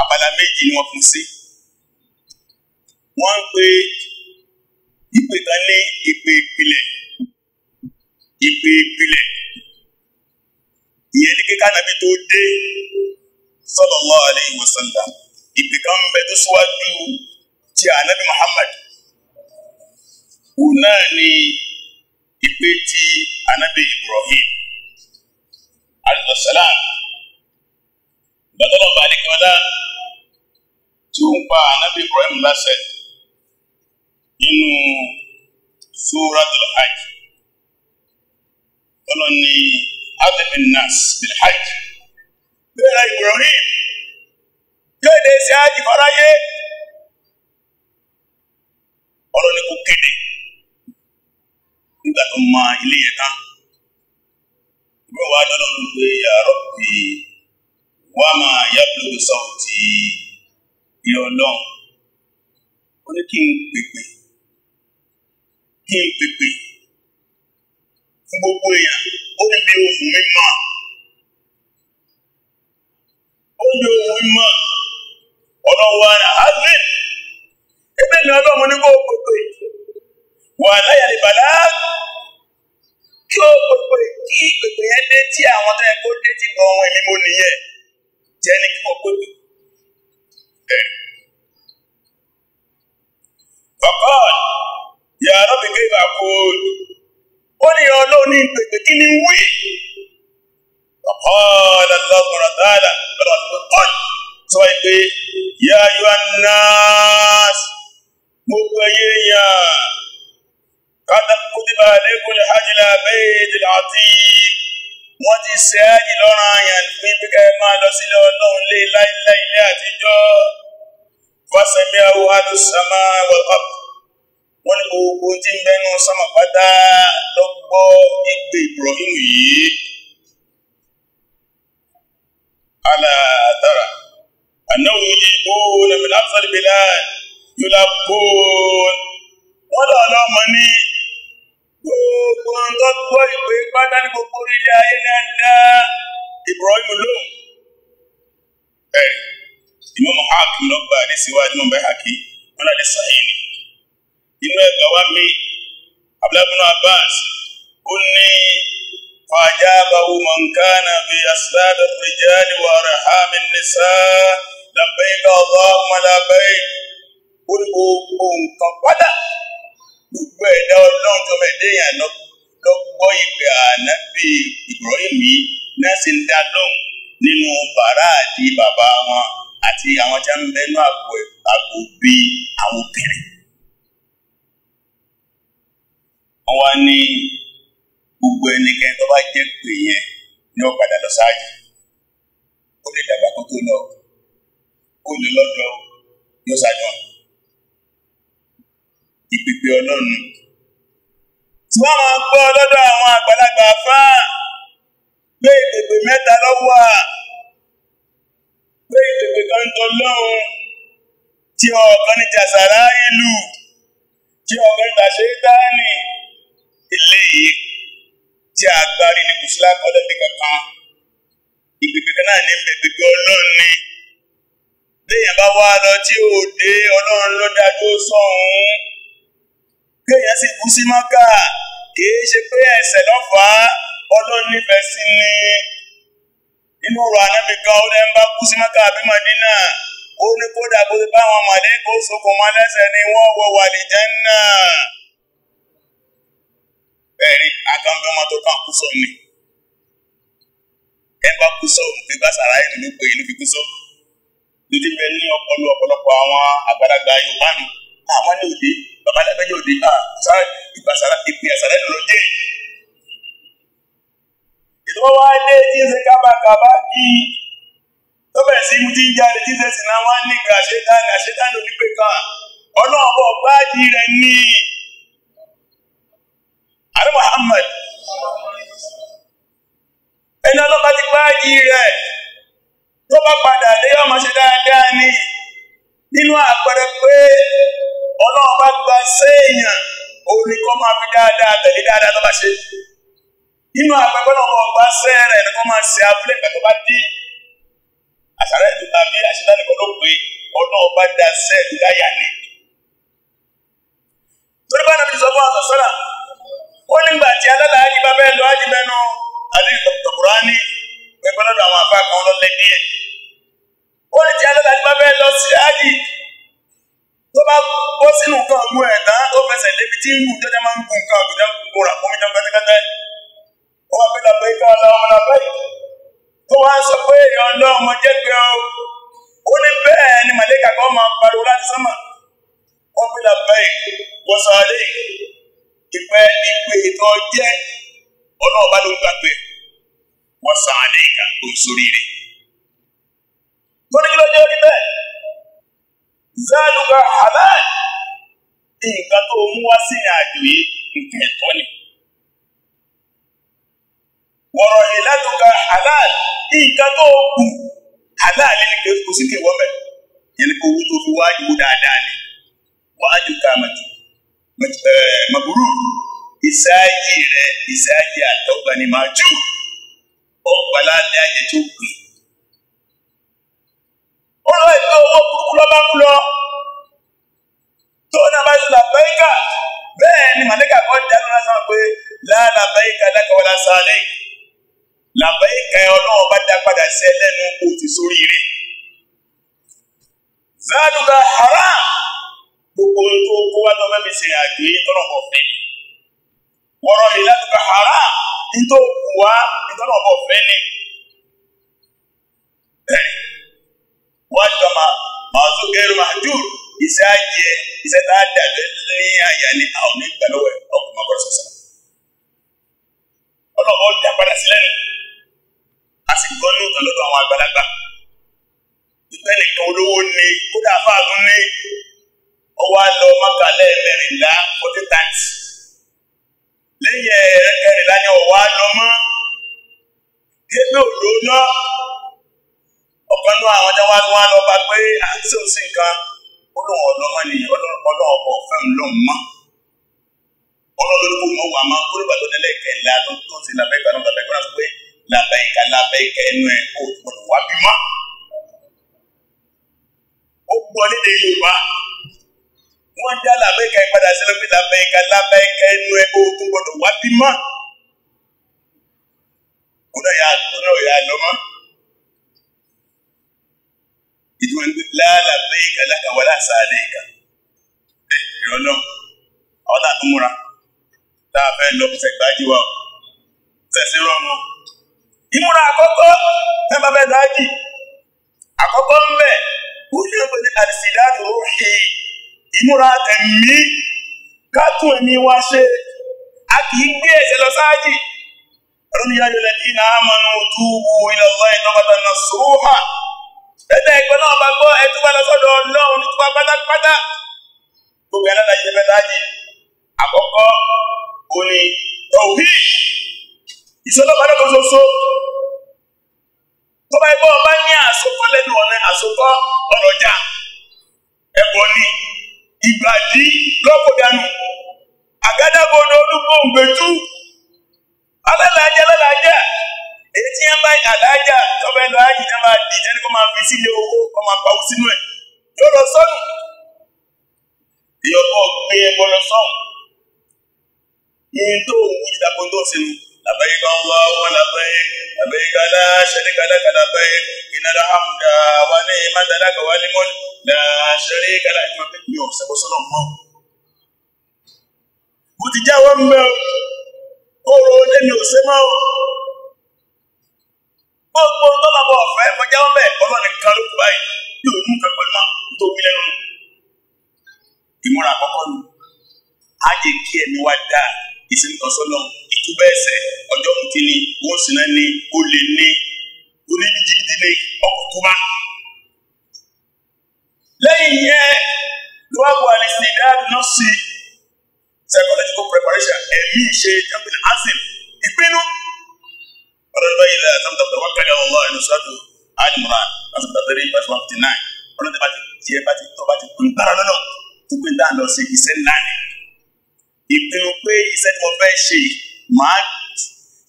abala méjì ni wọ́n fún sí wọ́n ń pe ìpè kan ní ìpè ìpìlẹ̀ ìpè ìpìlẹ̀ ìyẹn ní kíkà nàbí tó dé sallallahu alaihi wasallam ibì kan bẹ tó síwájú ti anabi muhammad òun náà ni ìpè ti anabi ibrahim alayhisalaam gbàtọ́lọ̀ bá alikọ́lá tí ó ń pa anabi ibrahim láṣẹ nínú suratul hajj tọ́lọ́ ni adébínnas bil hajj bẹ́ẹ̀ ibrahim. yóò lè ṣe àjìfáráyé ọ̀rọ̀ ni kò kéde nígbà tó mọ ilé yẹn tán ìbúrò wa na ló gbé yàrá bí wà máa yá blóògì sọ̀rọ̀ ti ilé ó ní kí n pèpè kí n pèpè fún gbogbo èèyàn ó ní bí ohun ọlọ́wọ́ hazi. ebe ni ọlọ́mọ ní kó gbogbo ètò wà láyàlè bàlá kí o gbogbo kí gbogbo yẹn dé tí àwọn tó yẹ kó dé tí gan ohun ẹ̀mí mo nìyẹn jẹ́ ni kí wọ́n gbogbo ẹ̀rí. Ya ayọ́ anáàsì gbogbo ẹyẹ yà kátà kútìbà lẹ́kùn hajjìlá bẹ́ẹ̀ tí láti wọ́n ti ṣe ájì lọ́rọ̀ àyàn fún pípẹ́ máa lọ sílẹ̀ ọlọ́run lé láìláì ilé àtijọ́ fásẹ̀mí àwọn àdùsàmá wọ́pọ̀ wọ́n ní gbogbo tí ń bẹnu sọ́mọ̀ lọ́gbọ́ igbe Ibrahim yìí alátara. أنه يجيبون من أقصى البلاد يلبون wọ́n lọ lọ́mọ ní gbogbo tó gbọ́ ìpè pátá ní gbogbo orílẹ̀ ayé ní ẹ̀dá Ibrahim lóhùn ẹ̀ Imam Hakim lọ́gbà ní síwájú mọ̀ bẹ́ẹ̀ Hakim wọ́n láti sàyìn inú ẹ̀gbà wa mi abúlábùnú Abbas ó ní fàjábàwò mọ̀nkánà bí asláàdà rìjáde wà rẹ̀ hàmì nìsáà labbaik Allahumma labbaik ó ní gbogbo nǹkan padà gbogbo ẹ̀dá ọlọ́run tó mẹ́ẹ̀dẹ́ yẹn lọ́gbọ́ ìpè ànábì Ibrahim yìí náà sì ń dá lóhùn nínú bàrá àti bàbá wọn àti àwọn tí wọ́n ń bẹnu àpò àpò bíi àwọn obìnrin. wọ́n wá ní gbogbo ẹnikẹ́ni tó bá jẹ́ pé yẹn ni wọ́n lọ ṣáájú ó lè dàgbà kó tó lọ ó lè lọ́dọ̀ yóò ṣàjọ ìpèpè ọlọ́run tí wọ́n máa gbọ́ lọ́dọ̀ àwọn àgbàlagbà fáà pé ìpèpè mẹ́ta lọ́wọ́ à pé ìpèpè kan tó lọ́hùn tí ọ̀kan ní jàsàrá ìlú tí ọ̀kan ní tàṣetáàní eléyìí tí agbárí ni kò sí lákọ́lẹ́ bí kankan ìpèpè kan náà ní bẹ̀gbẹ̀gbẹ̀ ọlọ́run ni téèyàn bá wá lọ tí ò dé ọlọ́run ló dájú sọ̀hún kéèyàn sì kú sí mọ́kà kìí ṣe pé ẹ̀ṣẹ̀ lọ́fà ọlọ́run nífẹ̀ẹ́ sí ni inú ọ̀rọ̀ anábì kan ó lẹ́ ń bá kú sí mọ́kà àbí màdínà ó ní kódà bó ti bá àwọn màlẹ́kọ̀ọ́ sokùn mọ́ lẹ́sẹ̀ ni wọ́n wọ wà lè jẹ́ náà ẹ̀rí agbáńbẹ́ ọmọ tó kàn kú sọ ni ẹ bá kú sọ òun sàrà ẹ̀ nínú pé inú fi kú sọ títí bẹ ní ọpọlọ ọ̀pọ̀lọpọ̀ àwọn àgbàlagbà Yorùbá mi àwọn ní òde bàbá alágbẹjọ òde ìgbàsára ìpè àsàrẹ lọ dé. ìtọ́wọ́ wá dé tí ń ṣe kábàkábà bí tó bẹ̀rẹ̀ sí mú ti ń jáde tí ń ṣẹ̀sìn náà wá ní ìgbà àṣetán àṣetán onípe kan ọlọ́run bọ̀ gbáàdì rẹ̀ ní àrẹ Muhammad ẹni ọlọ́ba ti gbáàdì rẹ̀ tó bá padà dé ọmọ ṣe dáadáa ni nínú àpẹẹrẹ pé ọlọ́run bá gba séèyàn òun ni kọ́ máa fi dáadáa tẹ̀lé dáadáa tó bá ṣe nínú àpẹẹrẹ náà wọ́n gba sẹ́ẹ̀rẹ̀ ni kọ́ máa ṣe abúlé ìgbà tó bá dé àṣàrẹ́ ètò tàbí àṣetá nìkan ló pé ọlọ́run bá da sẹ́ẹ̀rẹ̀ láyà ni. torí bá nàbí sọ fún àwọn sọ́nà ó nígbà tí alálàájì bá bẹ́ẹ̀ lọ ájì mẹ́nu àdéhùn tọkùrọ̀ á ní pẹ̀lú ọ̀dọ̀ àwọn àbá kan lọ́lẹ́ díẹ̀ ó lè ti alẹ́ láti bá fẹ́ lọ sí ájì tó bá bọ́ sínú nǹkan ọ̀gbun ẹ̀ tán ó fẹsẹ̀ lébi tí ń gùn tó jẹ́ máa ń gùn nǹkan ọ̀gbìn kó rà fún mi jẹun kẹ́tẹ́kẹ́tẹ́ ó wá pé lọ́pẹ́ ikọ̀ ọlọ́run lọ́pẹ́ tó wá sọ pé èèyàn ọlọ́run mo jẹ́ o ó ní bẹ́ẹ̀ ni màlẹ́kà kan máa ń pariwo láti sánmà ó pé lọ́pẹ́ ikọ̀ sọ̀rọ̀ ìpẹ́ ìpè tó jẹ́ ọlọ́run bá ló ń gbàgbé wọ́n sàn án lẹ́yìn kan kò sóríire tó ní kí ló dé orí bẹ́ẹ̀ zálùkà halal nǹkan tó mú wá sí ìrìn àjò yìí nǹkan ẹ̀tọ́ ni wọ̀rọ̀ ìlàlùkà halal nǹkan tó gùn halal ní kò sí kéwọ́ bẹ́ẹ̀ yẹn kò wú tó fi wá àjò dáadáa ni wọ́n àjò ká màtò màbúrú ìsáàjì rẹ̀ ìsáàjì àtọ́gbani màjú ọ̀gbàlá ní àjẹjọ́ gbìn ó lọ ìgbà owó burúkú lọ bá mú lọ tó náà bá yọ làbẹ́yìká bẹ́ẹ̀ ni màlẹ́kà kọ́ dánú lásán pé lálàbẹ́yìká lákàwọ́lá sáré làbẹ́yìká ọlọ́run bá dá padà sí ẹ lẹ́nu kò ti sórí rí zálùkà haram gbogbo tó kó wá lọ mẹ́mí sèrè àjò yìí tọ́nà bọ̀ fẹ́ ni wọ́rọ̀ mi lálùkà haram nítorí wá nítorí ọ̀bọ̀ fẹ́ ni mazukẹ́rù mahjur iṣẹ́ àjẹ iṣẹ́ tá a dàgbẹ́ ní àyà ni àwọn ní gbàlọ́wẹ́ ọkùnrin ọgọ́rọ̀ sọ̀sọ̀. ọlọ́wọ́ dá padà sí lẹ́nu a sì gbọ́ ní òtọ́ lọ́dọ̀ àwọn àgbàlagbà. ìgbẹ́ nìkan olówó ni kódà fáàgùn ní ọwọ́ àlọ́ mọ́kà lẹ́ẹ̀mẹ́rìnlá forty times. lẹ́yìn ẹ̀rẹ́kẹrìnlá ni ọ̀wọ́ àlọ́ mọ́ gbẹ́gbẹ́ òdòdó ọ̀kan náà àwọn tí wọ́n wá lọ bá pé àti òsì nǹkan ó lóun ọlọ́mọ ni ọlọ́run ọkọ̀ fẹ́ràn lóun mọ́ ọlọ́run ló mọ̀ wà máa kúrò gbàgbọ́ nílẹ̀ kẹ̀lá tó tó ti làbẹ́ ìgbà náà làbẹ́ ìgbà náà pé làbẹ́ ìka làbẹ́ ìka ẹnu ẹ̀ ó gbọ́dọ̀ wá bí mọ́. ó gbọ́ nílẹ̀ Yorùbá wọ́n dá làbẹ́ ìka ìpadà sílẹ̀ pé làbẹ́ ìka làbẹ́ ìka ẹnu ẹ̀ ó gbọ́dọ̀ wá bí mọ́. kúrò yà lọ́mọ́ ìtumọ̀ ní pé láàlà bẹ́ẹ̀ kàlákà wà láàsàlẹ̀ ìka ẹ ìrọ̀lọ́ àwọn tá a tún múra tá a fẹ́ lọ fẹ́ gbájú wa tẹ̀sí rọrùn. ìmúra àkọ́kọ́ tẹ́ bá fẹ́ dájì àkọ́kọ́ ń bẹ̀ kú ní ọ̀pẹ̀ ní àdìsídáàdì òhì ìmúra tẹ̀mí ká ẹ̀mí wá ṣe a kì í gbé ẹ̀ṣẹ̀ lọ sáájì. ọlọ́run yá yọlẹ̀ kí náà mọ̀nà òtún wù ilẹ̀ ọ̀lá ìtọ́kọ̀tà náà sóhà ẹ̀dá ẹgbẹ́ náà bá gbọ́ ẹ tó bá lọ sọ́dọ̀ ọlọ́run ní tipa pátápátá gbogbo ẹ̀ lára ìjẹ́bẹ́ láàyè àkọ́kọ́ òní tọ̀wí ìṣọlọ́pàá lọ́kọ̀ ṣoṣo tó bá yẹ bọ́ ọba ní àsopọ̀ lẹ́nu ọ̀nà àsopọ̀ ọ̀rọ̀jà ẹ̀bọ̀ ni ìgbàdí lọ́kọ̀ dànù àgádágodo olúgbòǹgbẹ̀jú alálàájẹ́ alálàájẹ́ èyí tí yẹn bá àlájà tọ́bẹ̀ lọ ájì náà máa dì jẹ́ ní kó máa fi sílé owó kó máa pawó sínú ẹ̀ yóò lọ sọ́nù ìyọ̀kọ̀ gbé ẹbọ lọ sọ́nù yìí tó wù ìdàpọ̀ tó sínú làbẹ́yẹ kan wá wọn làbẹ́yẹ làbẹ́yẹ kala ṣẹlẹ̀ kala kala bẹ́yẹ ìnara hàmùdà wà ní mádàlá kà wà ní mọ́lì làṣẹlẹ̀ kala ìtumọ̀ pé mi ò sẹ́kọ̀ sọ́nà mọ́ mo ti jáwọ́ mbẹ́ o kóró lẹ́mi ò gbogbo tọ́lábọ̀ ọ̀fẹ́ kọjá wọn bẹ́ẹ̀ ọlọ́run nìkan ló kú báyìí yóò mú nǹkan pẹ̀lú mọ́ tó mi lẹ́nu. ìmúra àkọ́kọ́ nu á jẹ́ kí ẹ̀mí wa dá ìsinmi kan sọ́lọ́ ìtúbẹ̀ ẹ̀sẹ̀ ọjọ́ mutí ni wọ́n sì náà ní olè ní oníjìbìtì ní ọkọ̀ tó bá. lẹ́yìn yẹn ló wá wà ní sinidá nọ́ọ̀sì psychological preparation ẹ̀mí ìṣe champion asim ìpinnu ọlọ́dún báyìí lẹ́yìn àtàwọn tàbí wọ́n kálí ọlọ́ ẹnu sọ́dún alimura láti gba tẹ̀lé ìgbà tó ti náà ọlọ́dún bá ti tiẹ̀ bá ti tọ́ bá ti kun dára lọ́nà tó gbé dáa lọ sí iṣẹ́ ńlá ìpinnu pé iṣẹ́ tí mo fẹ́ ṣe máa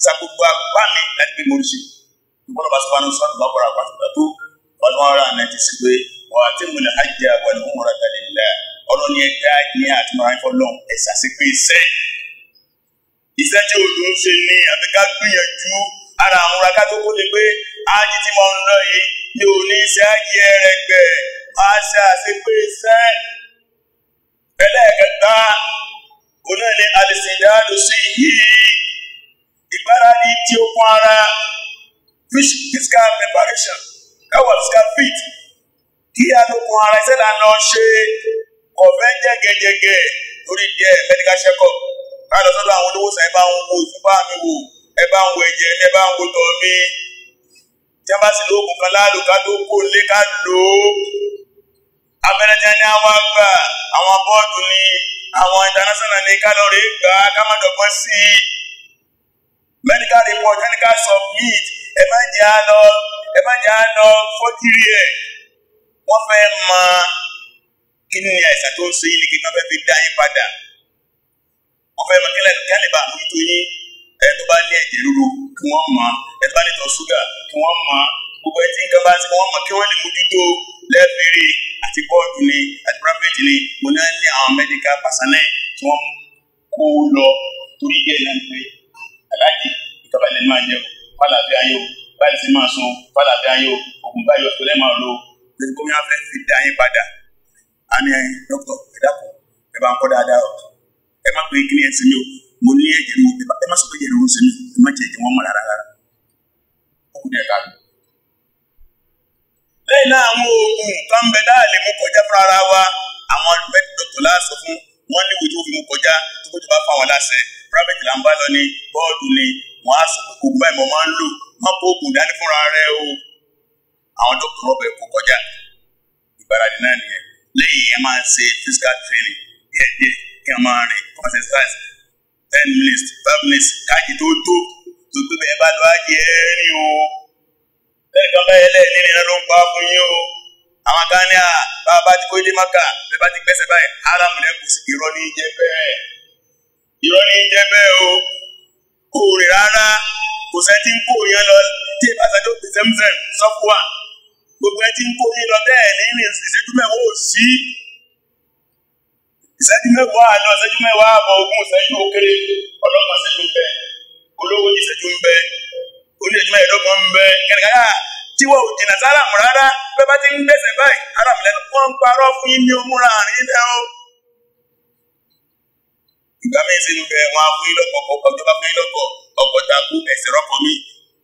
ṣàgbogbo apá mi láti gbé mọ́rìṣì ìgbọ́dọ̀ bá sọ́wọ́n ní bá kọ́ra àpá tó tó wọ́n wá rà náà ti sì pé wọ́n ti mú ní hajj àwọn umura dalillah ọlọ́ni ẹ̀ dá ní àtúmọ̀ràn fọlọ́n ẹ̀ ṣàṣepé iṣẹ́ ara àmúra kátókó ni pé ájì tí mo ń lọ yìí mi ò ní sáàjì ẹrẹgbẹ àṣà àṣepé sẹ ẹlẹ́ẹ̀kẹta òun náà ni àdìsíndàdù sí yìí ìgbáradì tí ó kún ara physical preparation káwọn physical fit kí adókun ara iṣẹ́ là ń lọ ṣe kọ̀fẹ́ jẹ́gẹ́jẹ́gẹ́ lórí díẹ̀ medical check up káàdọ̀ sọ́dọ̀ àwọn olówó sàn bá ń wo ìfúnpá mi wò ẹ bá ń wo ẹ̀jẹ̀ ẹ bá ń wo tọ̀ mí tí a bá sì lóògùn kan láàlú ká tó kó lé ká lò ó abẹ́rẹ́ tí a ní àwọn àgbà àwọn bọ́ọ̀dù ni àwọn international ní ká lọ rèé gbà á ká má dọ̀gbọ́n sí i medical report medical submit ẹ má jẹ́ á lọ ẹ má jẹ́ á lọ fọ́tìrì ẹ̀ wọ́n fẹ́ mọ kí ni àìsàn tó ń ṣe yín ni kí n má fẹ́ fi dá yín padà wọ́n fẹ́ mọ kí lẹ́nu kí á lè bá àmójútó yín ẹni tó bá ní ẹ̀jẹ̀ ríru kí wọ́n mọ̀ ẹni tó bá ní ìtọ̀ ṣúgà kí wọ́n mọ̀ gbogbo ẹtí nǹkan bá ti wọ́n mọ̀ kí wọ́n lè mójútó lẹ́ẹ̀fẹ́rẹ́ àti bọ́ọ̀dù ni àti private ni mo ní ní àwọn medical personnel tí wọ́n kó lọ torí díẹ̀ náà pé aláàjì ìjọba ilẹ̀ máa jẹ o fàlàfẹ́ ayé o báyìí sì máa sùn fàlàfẹ́ ayé o oògùn báyìí ọ̀sẹ̀ lẹ́ẹ̀ máa lo lórí gómìnà fẹ́ fi dá yín padà àmì dókítà ẹ̀dá kan ẹ̀ bá ń é kí ni ẹ̀ sí mi o mo ní ẹ̀jẹ̀ ní mo ẹ má sọ pé ẹ̀jẹ̀ ní mo sinmi ẹ má jẹ ẹ̀jẹ̀ wọn mọ rárá rárá ọkùn ní ẹ̀ka mi. lẹ́yìn náà àwọn oògùn tó ń bẹ dáa lè mú kọjá fúnra ara wa àwọn alùpẹ́tì dọ́kítọ̀ láàṣọ fún wọn ní ìwòjú òfin mú kọjá tó kó tó bá fáwọn láṣẹ private là ń bá lọ ní bọ́ọ̀dù ni wọ́n á sọ pé oògùn báyìí mo máa ń lò má kó oògùn dání fúnra rẹ o àwọn dọ́kítọ̀ rọ́bẹ̀ kó kọjá ìgbáradì náà nìyẹn lẹ́yìn ẹ máa ń ṣe physical training díẹ̀díẹ̀ kí ẹ máa rìn exercise ten minutes five minutes káàjì tó tó tó gbé bẹ́ẹ̀ bá lọ ájì ẹ́ ní o bẹ́ẹ̀ kan bá yẹlẹ̀ nínú iná ló ń pa fún yín o àwọn kan ní à bá a bá ti kó ilé maka bẹ́ẹ̀ bá ti gbẹ́sẹ̀ báyìí haram rẹ̀ kù sí irọ́ ní jẹ́ bẹ́ẹ̀ irọ́ ní jẹ́ bẹ́ẹ̀ o kò rè rárá kò sẹ́ tí ń kó yẹn lọ tí ìbáṣájọ́ pè sẹ́mùsẹ̀m sọ́fùwà gbogbo ẹ ti ń kó yẹn lọ bẹ́ẹ̀ ní ìrìn ìṣẹ́jú mẹ́wọ́ sí ìṣẹ́jú mẹ́wàá lọ ìṣẹ́jú mẹ́wàá àbọ̀ ogún ìṣẹ́jú òkèrè ọlọ́gbọ̀n ìṣẹ́jú ń bẹ olówó ní ìṣẹ́jú ń bẹ onídìí mẹ́ẹ̀ẹ́dọ́gbọ̀n ń bẹ kẹ́nìkàyà ah, tí wọ́n ò jìnnà sára mọ̀ rárá bẹ́ẹ̀ bá ti ń dẹ̀sẹ̀ báyìí ara mi lẹ́nu wọ́n ń parọ́ fún yín ní omúra àárín ilẹ̀ o. ìgbà mi ti ń bẹ wọn fún yín lọ́kọ̀ ọjọ́ bá fún yín lọ́kọ̀ ọkọ̀ takú ẹ̀sẹ̀ rọ́kọ̀ mi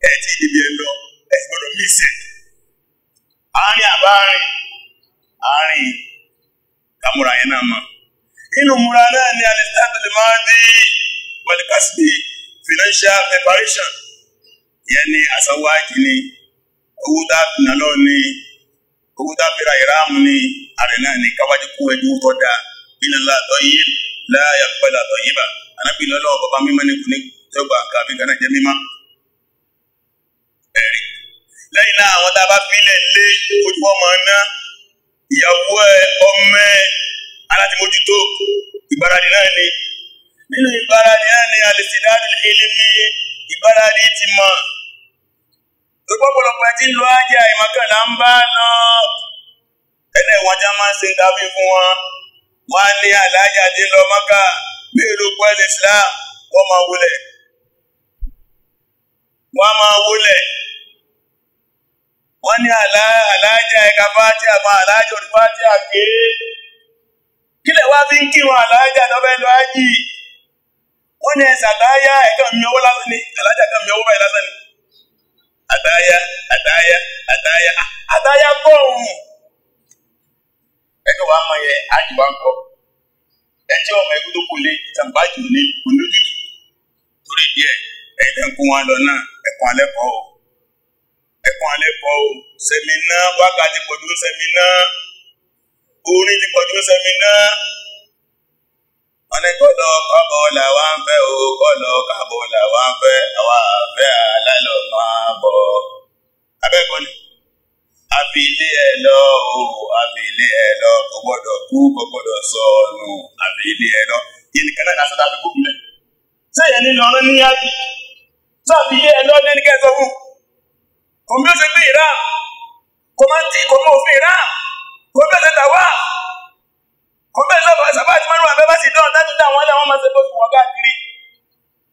ẹ̀ tí ìdíbi ẹ̀ lọ ẹ̀ gbọ́dọ̀ mí ìsẹ̀. àárín àbáàrin àárín kàmúra yẹn náà mọ̀ nínú múra náà ni alistadu lè máa dé wọlékàsídì financial preparation yẹn ni asawaji ni owó tá a fi nà lọ ni owó tá a fi ra ìráàmù ni àrẹ náà ni káwájú kú ẹjú tó da ilẹ̀ látọ̀ yé láàyè àkọ́kọ́ látọ̀ yé bá anábì lọ́lọ́ bàbá mímọ́ ni kò ní tó gba nǹkan àbí gánà jẹ́ mímọ́ ẹ̀rí lẹ́yìn náà àwọn tá a bá fi ilẹ̀ lé ojú ọmọ náà ìyàwó ẹ ọmọ ẹ aláti mójútó ìgbáradì náà ni nínú ìgbáradì náà ni alìsídáàdì ilimi ìgbáradì ti mọ̀ gbogbogbòlòpọ̀ ẹtí ń lo ajé àìmọ̀kànlá ń bá lọ ẹnẹ wọn já máa ń ṣe dábì fún wọn wọn á ní alájà dé lọ mọ́kà mélòó pọ̀ ẹ̀sìn Islam wọ́n máa wọlé wọ́n máa wọlé wọ́n ní alájà ẹ̀ka fáti àmọ́ alájà òdìfáti àkéé. kílẹ̀ wá fi ń kírun àlàájá lọ́fẹ́ lọ wọn wọ́n mi lásán ni àlàájá kan mi owó báyìí lásán ni àtàáyá àtàáyá àtàáyá ah, àtàáyá bọ́ọ̀mù ẹ̀kan wàá mọ yẹ ń kọ́ ẹ̀jẹ̀ ọmọ tó kọ́lé ìtàǹbá jù ní torí díẹ̀ ẹ̀yìn ń wọn lọ náà alẹ́ kọ́ orin ti pọ̀jù sẹ́mi náà wọ́n ní kọ́lọ̀ kábọ̀ làwa ń fẹ́ o kọ́lọ̀ kábọ̀ làwa ń fẹ́ àwa àfẹ́ àlálọ̀ máa bọ̀ abẹ́kọ̀ọ́ ni àfi ẹ lọ o àfi ilé ẹ lọ kò gbọ́dọ̀ kú kò gbọ́dọ̀ sọnù àfi ilé ẹ lọ yìí nìkan náà lásán tàbí kú mẹ. sẹ́yìn nínú ọ̀rọ̀ ní yáàbí sọ́ọ̀bì ilé ẹ lọ lẹ́nu kẹ́sọ̀ fún kò mí ó ṣe gbé ìrà kò máa ń kò mú òfin ìrà kò bẹ́ẹ̀ lẹ́tà wá kò bẹ́ẹ̀ lọ́wọ́ sábà tí mẹ́rin wà bẹ́ẹ̀ bá sì dán dájú dá àwọn ẹlẹ́wọ̀n máa ṣe bó ti wọ̀ káàkiri.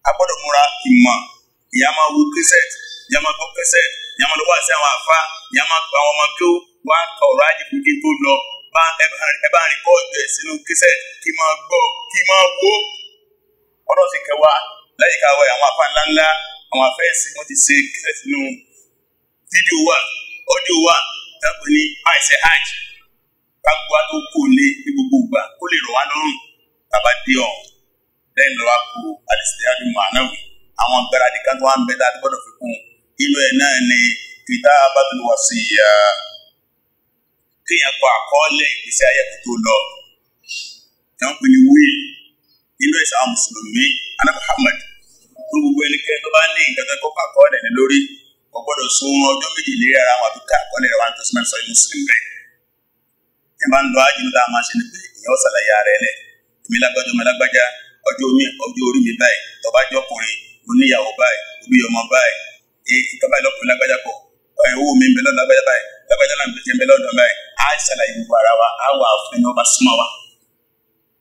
a gbọ́dọ̀ múra ìmọ̀ ìyá máa wo kẹsẹ̀t ìyá máa gbọ́ kẹsẹ̀t ìyá máa lọ wá sí àwọn àfa ìyá máa gba àwọn ọmọ kí ó wá ka ọ̀rọ̀ ajé fún kí n tó lọ ẹ bá rìn kọ́ọ̀dù ẹ̀ sínú kẹsẹ̀t kí máa gbọ́ kí máa wo ọ̀rọ̀ sì kẹwàá lẹ́yìn ká wẹ̀ àwọn àfa ńláńlá àwọn afẹ́sìn wọ́n ti ṣe kẹsẹ̀t nínú fídíò wa ọdíò wa tàbí ní àìsẹ̀ hajj ká gbọ́ tó kó lé ní gbogbo ìgbà kó lè rọ̀ wá lọ́rùn tàbá dé ọ̀ lẹ́yìn lọ́wọ́ kó alìsíyájú mọ̀ àná wì àwọn gbáradì kan tó wà ń bẹ tá a ti gbọ́dọ̀ fi kún inú ẹ̀ náà ni kitabatul wasiyya kéèyàn kọ àkọọ́lẹ̀ ìgbésí ayé kò tó lọ kí wọ́n pè ní wíìlì inú ẹ̀sìn àwọn mùsùlùmí ana Muhammad fún gbogbo ẹnikẹ́ni tó bá ní nǹkan tó kọ́ àkọọ́lẹ̀ lórí kò gbọ́dọ̀ sún ọjọ́ méjì lérí ara wọn àkọọ́lẹ̀ rẹ̀ wá ń sọ inú sílẹ̀ tí bá ń lọ ájú tá a máa ṣe ni pé ìyẹn ó ṣàlàyé ara ẹ lẹ èmi lágbájá ọmọ lágbájá ọjọ́ mi ọjọ́ orí mi báyìí tọba jọ ọkùnrin oníyàwó báyìí òbí ọmọ báyìí ẹ tọba ìlọkùnrin lágbájá pọ ẹ owó mi ń bẹ lọ́dọ̀ lágbájá báyìí lágbájá náà ti ń bẹ lọ́dọ̀ báyìí á ṣàlàyé gbogbo ara wa á wà fún ẹni ọba súnmọ́ wa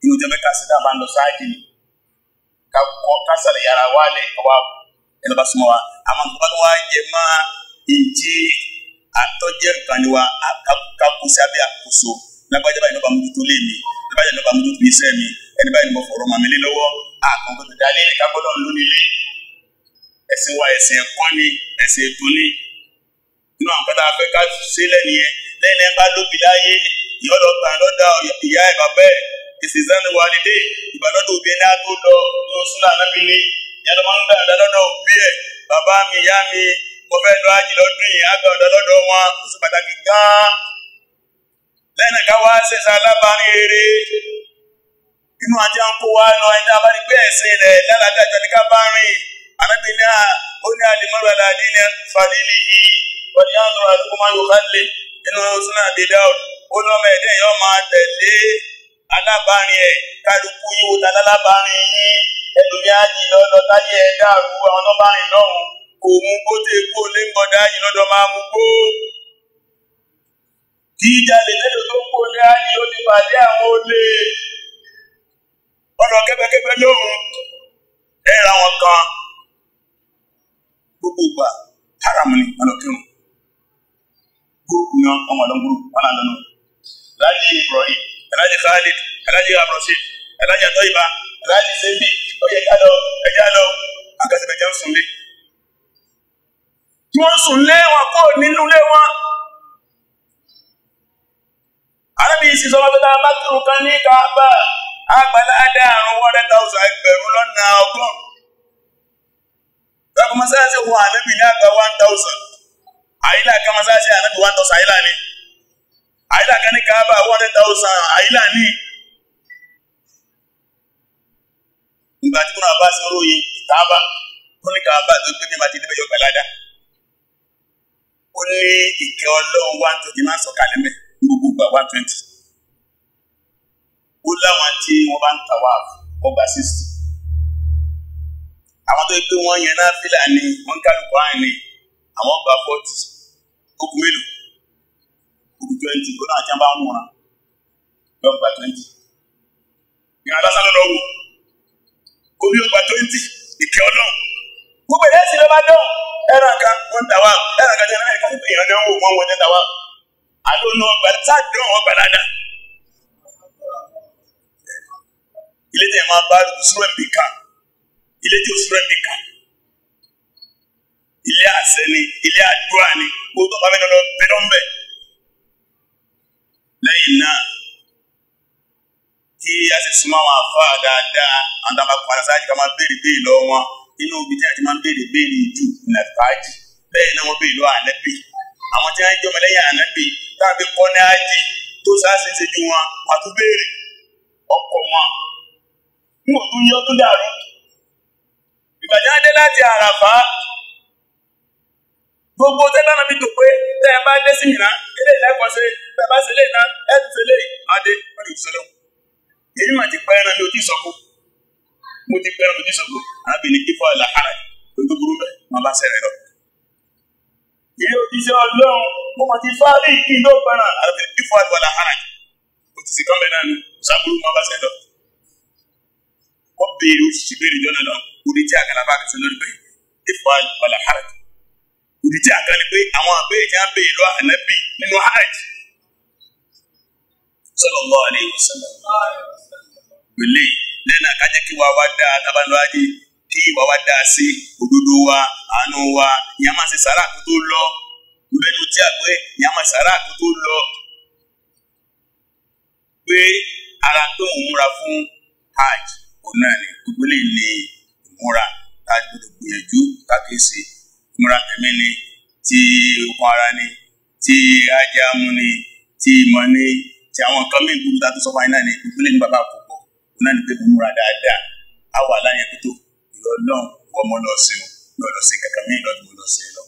inú tẹ́lẹ̀ ká sí dábàá lọ sáájì ni ká kọ́ ká ṣàlàyé ara wa àtọ́jẹ́ kan ni wa ká abẹ́ àkóso lágbájá báyìí lọ́ba mójútó lé mi lágbájá lọ́ba mójútó iṣẹ́ mi ẹni báyìí ni mo fọ̀rọ̀ màmí lé lọ́wọ́ àkànkàn tó dalé ní kágbọ́dọ̀ lónílé ẹ̀sìn wa ẹ̀sìn ẹ̀kọ́ ni ẹ̀sìn ètò ni inú àwọn kọ́tà afẹ́ ká ṣe lẹ́nìyẹn lẹ́yìn lẹ́yìn bá lóbi láyé ìyọ́lọ́gbà lọ́dà ìyá ẹ̀ bàbá ẹ̀ ìsìnzánu wà lédè ìbàdọ́dọ̀ òbí ẹni àtó lọ ní oṣù lànàbí ni ìyá lọ́mọ ń gbà ọ̀dàdọ́dọ̀ òbí ẹ̀ bàbá mi ìyá mi mo fẹ́ lọ àjì lọ́dún yìí àgbà ọ̀dàdọ́dọ̀ wọn ó pàtàkì gan-an lẹ́nà ká wá ṣẹ̀ṣẹ̀ alábàárín eré inú ajá ń kó wá lọ ẹni tá a bá ní pé ẹ̀sìn rẹ̀ lálàájájọ ní ká bá rìn àmẹ́bí ní à ó ní àlèmọ́rọ̀ àdáàdí ní fàdílì yìí wọ́n ní àǹdọ̀rọ̀ àdúgbò máa yóò kálẹ̀ nínú súnà àbídá ó lọ́mọ ẹ̀dẹ́ yóò máa tẹ̀lé alábàárín ẹ̀ kálukú yíwo ta lálábàárín yín ẹlòmí àjì lọ́dọ̀ táyé ẹ̀ dàrú àwọn tó bá rìn lọ́hùn kò mú gbó ìjàlè tẹ́lẹ̀ tó ń kólé áyì ó ti pàdé àwọn olè ọ̀nà kẹ́bẹ́kẹ́bẹ́ lóhùn ẹ̀rọ àwọn kan gbogbo gbà haramu ni alọ́kẹ́hùn gúrùpù náà ọmọ ọ̀dọ́ gúrùpù wọn àdánù láti Ibrahim aláàjì Khalid aláàjì abrosi aláàjì atọ́yìnbá aláàjì sẹ́mi ọ̀yẹ́ kálọ̀ ẹ̀jẹ̀ àlọ́ àkàtẹ̀bẹ̀jẹ̀ ń sùn lé. tí wọ́n sùn lé wọn kó nínú lé wọn àrẹ́bí yìí sísọ wọ́pẹ́ta bá kírun kan ní káàbà àgbàládà àrùn one hundred thousand ẹgbẹ̀rún lọ́nà ọgọ́rùn-ún. Tọ́kù mọ́sáàsì wọ ànábì ní àgbà one thousand. Àyílà kan mọ́sáàsì ànábì one thousand àyílà ni. Àyílà kan ní káàbà one hundred thousand àyílà ni. Nígbà tí Múnà bá sọ ròyìn káàbà, ó ní káàbà tó gbé ní bàtí níbẹ̀ yọ gbàládà. Ó ní ìkẹ́ ọlọ́run wá tó ti máa sọ kalẹ̀ mẹ́rin gbogbo gba one twenty ó láwọn tí wọ́n bá ń tà wá ọgbà sixty àwọn tó yẹ pé wọ́n yẹn náà fílà ni wọ́n ń kálukú àyìn ni àwọn gba forty okùn mélòó okùn twenty ó náà tí wọ́n bá ń wọ̀n yọ gba twenty ìrìn àlọ́sàn lọ́wọ́ orí ọgbà twenty ìkẹ́ ọlọ́run gbogbo ìdẹ́sìn ló bá dán ẹ̀rọ àká wọ́n tà wá ẹ̀rọ àká tẹ̀ ẹ̀rọ àká tẹ̀ ìrànlọ́wọ́ wọ́n wọ́n tẹ̀ tà wá àlọ́ ní ọgbà sádùn ọgbà dáadáa. ilé tẹ̀ máa bá sùrọ̀ ń bì kan ilé tí ò sùrọ̀ ń bì kan ilé àṣẹ ni ilé àdúrà ni gbogbo bàbá mi lọ bẹ lọ bẹ. lẹ́yìn náà tí a sì súnmọ́ àwọn àfa dáadáa àwọn tàbá kọ́ àdásá àjẹká máa béèrè béèrè lọ́wọ́ wọn inú ibi tí a ti máa béèrè béèrè jù nàfàájì bẹ́ẹ̀ náà wọ́n béèrè lọ́wọ́ àlẹ́ bíi àwọn tí wọ́n ń jọmọ lẹ́yìn ànábì táàbí kọ́ ní ájì tó sáàsì ṣe ju wọn àtúbéèrè ọkọ̀ wọn. n ò tún yọ tó dàrú. ìbàjẹ́ adé láti àràfá gbogbo tẹ́lá náà fi dùn pé tẹ́ ẹ bá dé sí mìíràn eléyìí lẹ́kọ̀ọ́ ṣe tẹ́ ẹ bá ṣe lè ná ẹ tún ṣe lè adé wọ́n ti sọ́lọ́. èmi mà ti pẹ́ ẹran ló ti sọ́kù mo ti pẹ́ ẹran ló ti sọ́kù àbí ní kíkọ́ ẹ̀ làkàrà tó dúró bẹ́ẹ̀ má bá ṣẹlẹ̀ lọ ìrẹ́ òjíṣẹ́ ọlọ́run mo mọ̀ ti fáálí kí n tó gbọ́nà àrùbẹ̀ ìfọ̀ àti wàlà hàn ó ti sì kọ́mẹ̀ náà ni sábúrú máa bá ṣe lọ. wọ́n béèrè òṣìṣẹ́ béèrè jọ́nà lọ orí tí àkàlà bá kẹsàn lórí bẹ́ẹ̀ ìfọ̀ àti wàlà hàn orí tí àkàlà ni pé àwọn àbẹ́yẹ tí wọ́n béèrè lọ ànábì nínú hajj sallallahu alaihi wasallam pẹ̀lẹ́ lẹ́nà kájẹ́kí wa wá dáa tábàlọ́ kí ìwà wa dá sí òdodo wa àánú wa ìyá máa ṣe sàrà kó tó lọ ìbẹnu tí a pé ìyá máa sàrà kó tó lọ pé ara tó ń múra fún hajj òun ni gbogbo lè ní ìmúra tá a gbọ́dọ̀ gbìyànjú kákèsí ìmúra tẹ̀mí ni ti okun ara ni ti ajá mu ni ti ìmọ̀ ni ti àwọn nǹkan mìíràn gbogbo tá a tó sọ fún ayé náà ni gbogbo lè ní bàbá àkókò òun ni pé ìmúra dáadáa á wà láyé kó tó lọ́lọ́run wọ́n mọ́ lọ sí o lọ́ lọ sí kankan mí lọ́dún mo lọ sí lọ.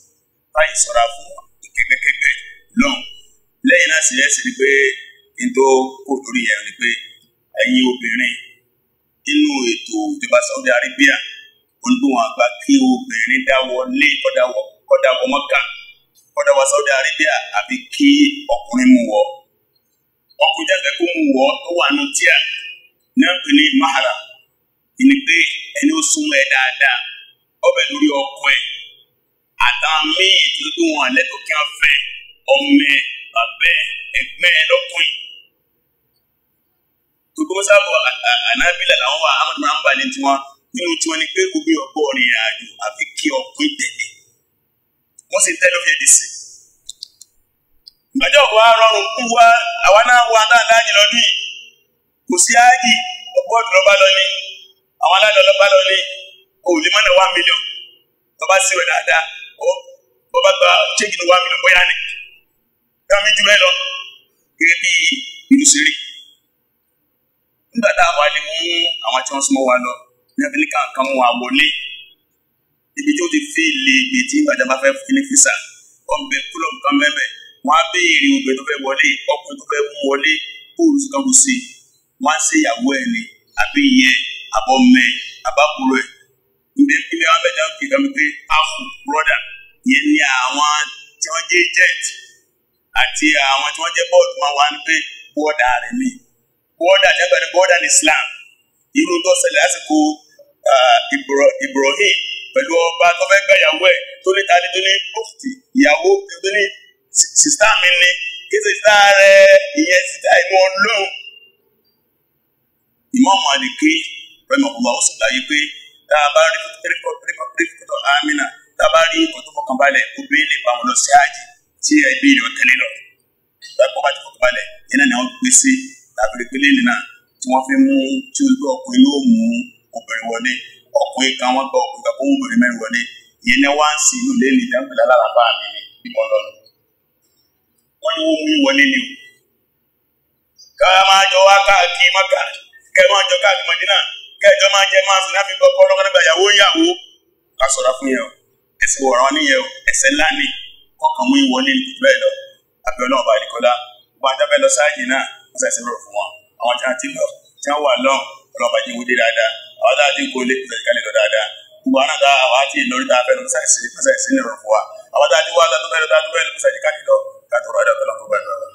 báyìí sọ́ra fún ìkẹ́gbẹ́kẹ́gbẹ́ lọ́hùn lẹ́yìn náà sì yẹn sì ni pé n tó kó lórí yẹn ni pé ẹ̀yin obìnrin nínú ètò ìjọba Saudi Arabia olùdóhùn àgbà kí obìnrin dáwọ́ lé kọ́dáwọ́ kọ́dáwọ́ mọ́kà kọ́dáwọ́ Saudi Arabia àbí kí ọkùnrin mú wọ́ ọkùnrin jáde kó mú wọ́ tó wà nù tíà náà pè ní mahala inipe pé ẹni ó ẹ dáadáa ọbẹ lórí ọkọ ẹ àtàwọn míì tó tó wọn àlẹ́tọ̀ kí abe, fẹ́ ọmọ ẹ bàbẹ́ ẹgbẹ́ gbogbo sábà làwọn amadu máa ń ní tiwọn ni pé obi ọgbọ rìn àjò àfi kí ọkùnrin tẹ̀lé wọ́n sì tẹ sí. kú wa àwa náà kò sí àwọn aláìlọ lọ́ba lọ́lé òòlì mọ́nà one million bàbá sí wẹ̀ dáadáa ó bàbá gba chẹ́kì ní one million bóyá ni ká mi jù bẹ́ẹ̀ lọ gẹ́gẹ́ bí ìlú ṣe rí nígbà tá a wà lè mú àwọn tí wọ́n súnmọ́ wa lọ ní abẹ́lé kankan wọn àwọlé ibi tí ó ti fi lè gbè tí ìbàdàn bá fẹ́ fún fisa ọ̀nbẹ kúlọ̀ nǹkan mẹ́mẹ́ wọ́n á béèrè òbẹ̀ tó fẹ́ wọlé ọkùnrin tó fẹ́ mú wọlé bóòlù tó kàn kù sí wọ́n á ṣèyàwó ẹ̀ ní àbí ìyẹn abɔmɛ abakuro ndé ndé wa bɛtɛ fi dama pé ahu broda yẹn ni àwọn tí wọn jẹ jet àti àwọn tí wọn jẹ bọọdù máa wà ní pé bọọdà rẹ ni bọọdà jágbá ni bọọdà ní Islam irú tó ṣẹlẹ̀ lásìkò Ibrahim pẹ̀lú ọba tó fẹ́ gbà yàwó ẹ̀ tó ní tani tó ní bọ́ọ̀tì ìyàwó tó ní sista mi ni kí sista rẹ ìyẹn sista inú ọlọ́run ìmọ̀ ọmọ àdìgbé rẹ́mọ̀kùnmá ó ṣàlàyé pé tá a bá rí pẹ̀tọ̀ amina tá a bá rí nǹkan tó fọkàn balẹ̀ obìnrin lè bá wọn lọ sí ààjì tí ẹbí rẹ̀ tẹ́lẹ̀ lọ. ìgbàgbọ́ bá ti fọkàn balẹ̀ iná ni wọ́n gbé sí lábẹ́rẹ́ pélé nínà tí wọ́n fi mú tí olùgbé ọkùnrin ló mú obìnrin wọlé ọkùnrin kan wọ́n gba ọkùnrin kan kó mú obìnrin mẹ́rin wọlé ìyẹn ni wọ́n á sì inú lé ní dáńgbèlá lára mi ní ìmọ̀ lọ́nà. wọ́n ní mú wọlé ni o. ká máa jọ wá káàkiri mọ́kà kẹ́ máa jọ káàkiri mọ́dínà kẹjọ máa jẹ máa sùn láfi gbọ́ kọ́ lọ́kọ́ nígbà ìyàwó ìyàwó ká sọ̀rọ̀ fún yẹn o ẹsẹ̀ wọ̀rọ̀ wọn níyẹn o ẹsẹ̀ ńlá ni kọ́kàn mú ìwọlé ní kùtù bẹ́ẹ̀ lọ àbí ọlọ́run bá ìdíkọ́lá wọn adábẹ́ lọ sáàjì náà wọ́n sàṣẹ lọ́rọ̀ fún wọn àwọn tí wọ́n ti lọ tí wọ́n wà lọ́n ọlọ́run bá jẹ́ wọlé dáadáa àwọn adáàdì kò lè kùtù ìkàlẹ̀ lọ dáadáa gbogbo àwọn àdá àwọn àti ìlọrin tá a fẹ́ lọ fún wa àwọn adáàdì wà lọ́dún bẹ́ẹ̀ lọ́dún bẹ́ẹ̀